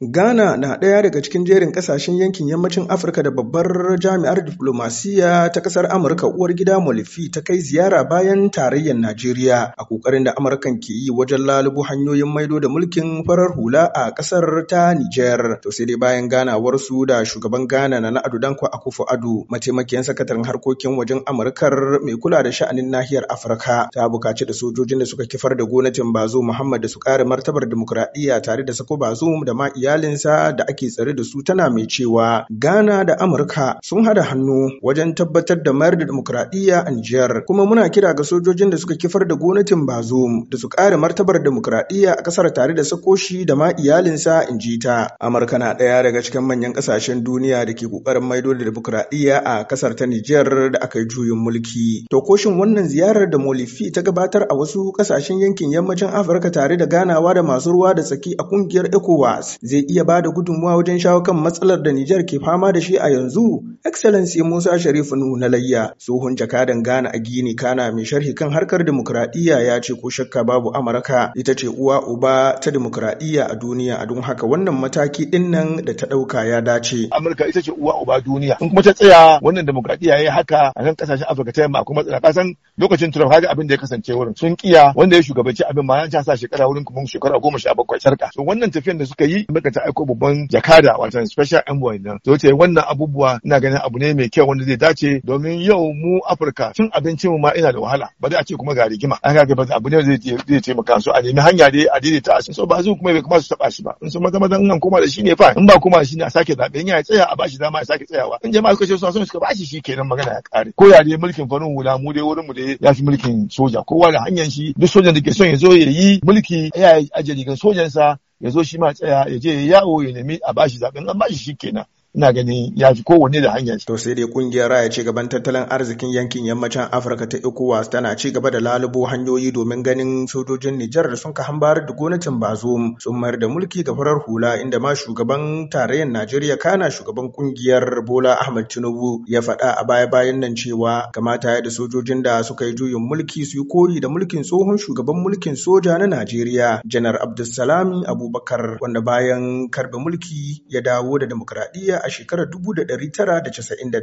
Ghana na ɗaya daga cikin jerin ƙasashen yankin yammacin Afirka da babbar jami'ar diflomasiyya ta ƙasar Amurka uwar gida Molifi ta kai ziyara bayan tarayyar Najeriya a ƙoƙarin da Amurkan ke yi wajen lalubu hanyoyin maido da mulkin farar hula a ƙasar ta Nijar. To sai dai bayan ganawarsu da shugaban Ghana na Ado Danko Akufo Ado mataimakiyar sakataren harkokin wajen Amurkar mai kula da sha'anin nahiyar Afirka ta buƙaci da sojojin da suka kifar da gonatin Bazo Muhammad da su ƙara martabar dimokuraɗiyya tare da sako Bazo da ma iyalinsa da ake tsare da su tana mai cewa Ghana da Amurka sun hada hannu wajen tabbatar da mayar da demokradiyya a Nijar kuma muna kira ga sojojin da suka kifar da gwamnatin Bazoum da su kare martabar demokradiyya a kasar tare da sakoshi da ma iyalinsa in ji ta Amurka na daya daga cikin manyan kasashen duniya da ke kokarin maido da demokradiyya a kasar ta Nijar da aka yi juyin mulki to koshin wannan ziyarar da Molifi ta gabatar a wasu kasashen yankin yammacin Afirka tare da ganawa da masu ruwa da tsaki a kungiyar ECOWAS zai zai iya ba da gudunmuwa wajen shawo kan matsalar da Nijar ke fama da shi a yanzu? Excellency Musa Sharifu Nuhu na Layya, tsohon jakadan Ghana a Gini Kana mai sharhi kan harkar dimokuraɗiyya ya ce ko shakka babu Amurka ita ce uwa uba ta dimokuraɗiyya a duniya a don haka wannan mataki ɗin nan da ta ɗauka ya dace. Amurka ita ce uwa uba duniya in kuma ta tsaya wannan dimokuraɗiyya ya yi haka a kan ƙasashen Afirka ta yamma akwai tsira ƙasan lokacin Trump haka abin da ya kasance wurin sun ƙiya wanda ya shugabanci abin ma ya sa shekara wurin kuma shekara goma sha bakwai sarka. wannan tafiyan da suka yi Amurka ta aiko babban jakada wato special envoy nan. To ce wannan abubuwa ina ganin abu ne mai kyau wanda zai dace domin yau mu Afirka cin abincin mu ma ina da wahala ba za a ce kuma ga rigima. An ga ba abu ne zai taimaka su a nemi hanya dai a daidaita a so ba su kuma bai kuma su taba shi ba. In su maza maza in an koma da shi ne fa in ba koma shi ne a sake zaɓe in ya tsaya a bashi dama a sake tsayawa. In jama'a suka ce suna son suka bashi shi kenan magana ya kare. Ko ya dai mulkin farin hula mu dai wurin mu dai ya fi mulkin soja kowa da hanyar shi duk sojan da ke son ya zo ya yi mulki ya ajiye rigar sojansa ya zo shi ma tsaya ya je yawo ya nemi a bashi zaɓen an bashi shi kenan ina ganin ya fi kowanne da hanyar to sai dai kungiyar raya ci gaban tattalin arzikin yankin yammacin afirka ta ecowas tana ci gaba da lalubo hanyoyi domin ganin sojojin nijar da sun ka hambar da gwamnatin bazo sun mayar da mulki ga farar hula inda ma shugaban tarayyar najeriya kana shugaban kungiyar bola ahmad tinubu ya faɗa a baya bayan nan cewa kamata ya da sojojin da suka yi juyin mulki su yi koyi da mulkin tsohon shugaban mulkin soja na najeriya janar abdulsalami abubakar wanda bayan karbe mulki ya dawo da demokradiyya a shekarar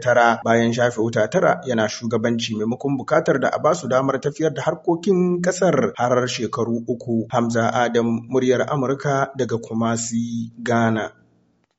tara, bayan shafe wuta tara yana shugabanci maimakon bukatar da a ba su damar tafiyar da harkokin kasar harar shekaru uku. Hamza Adam muryar Amurka daga Kumasi, Ghana.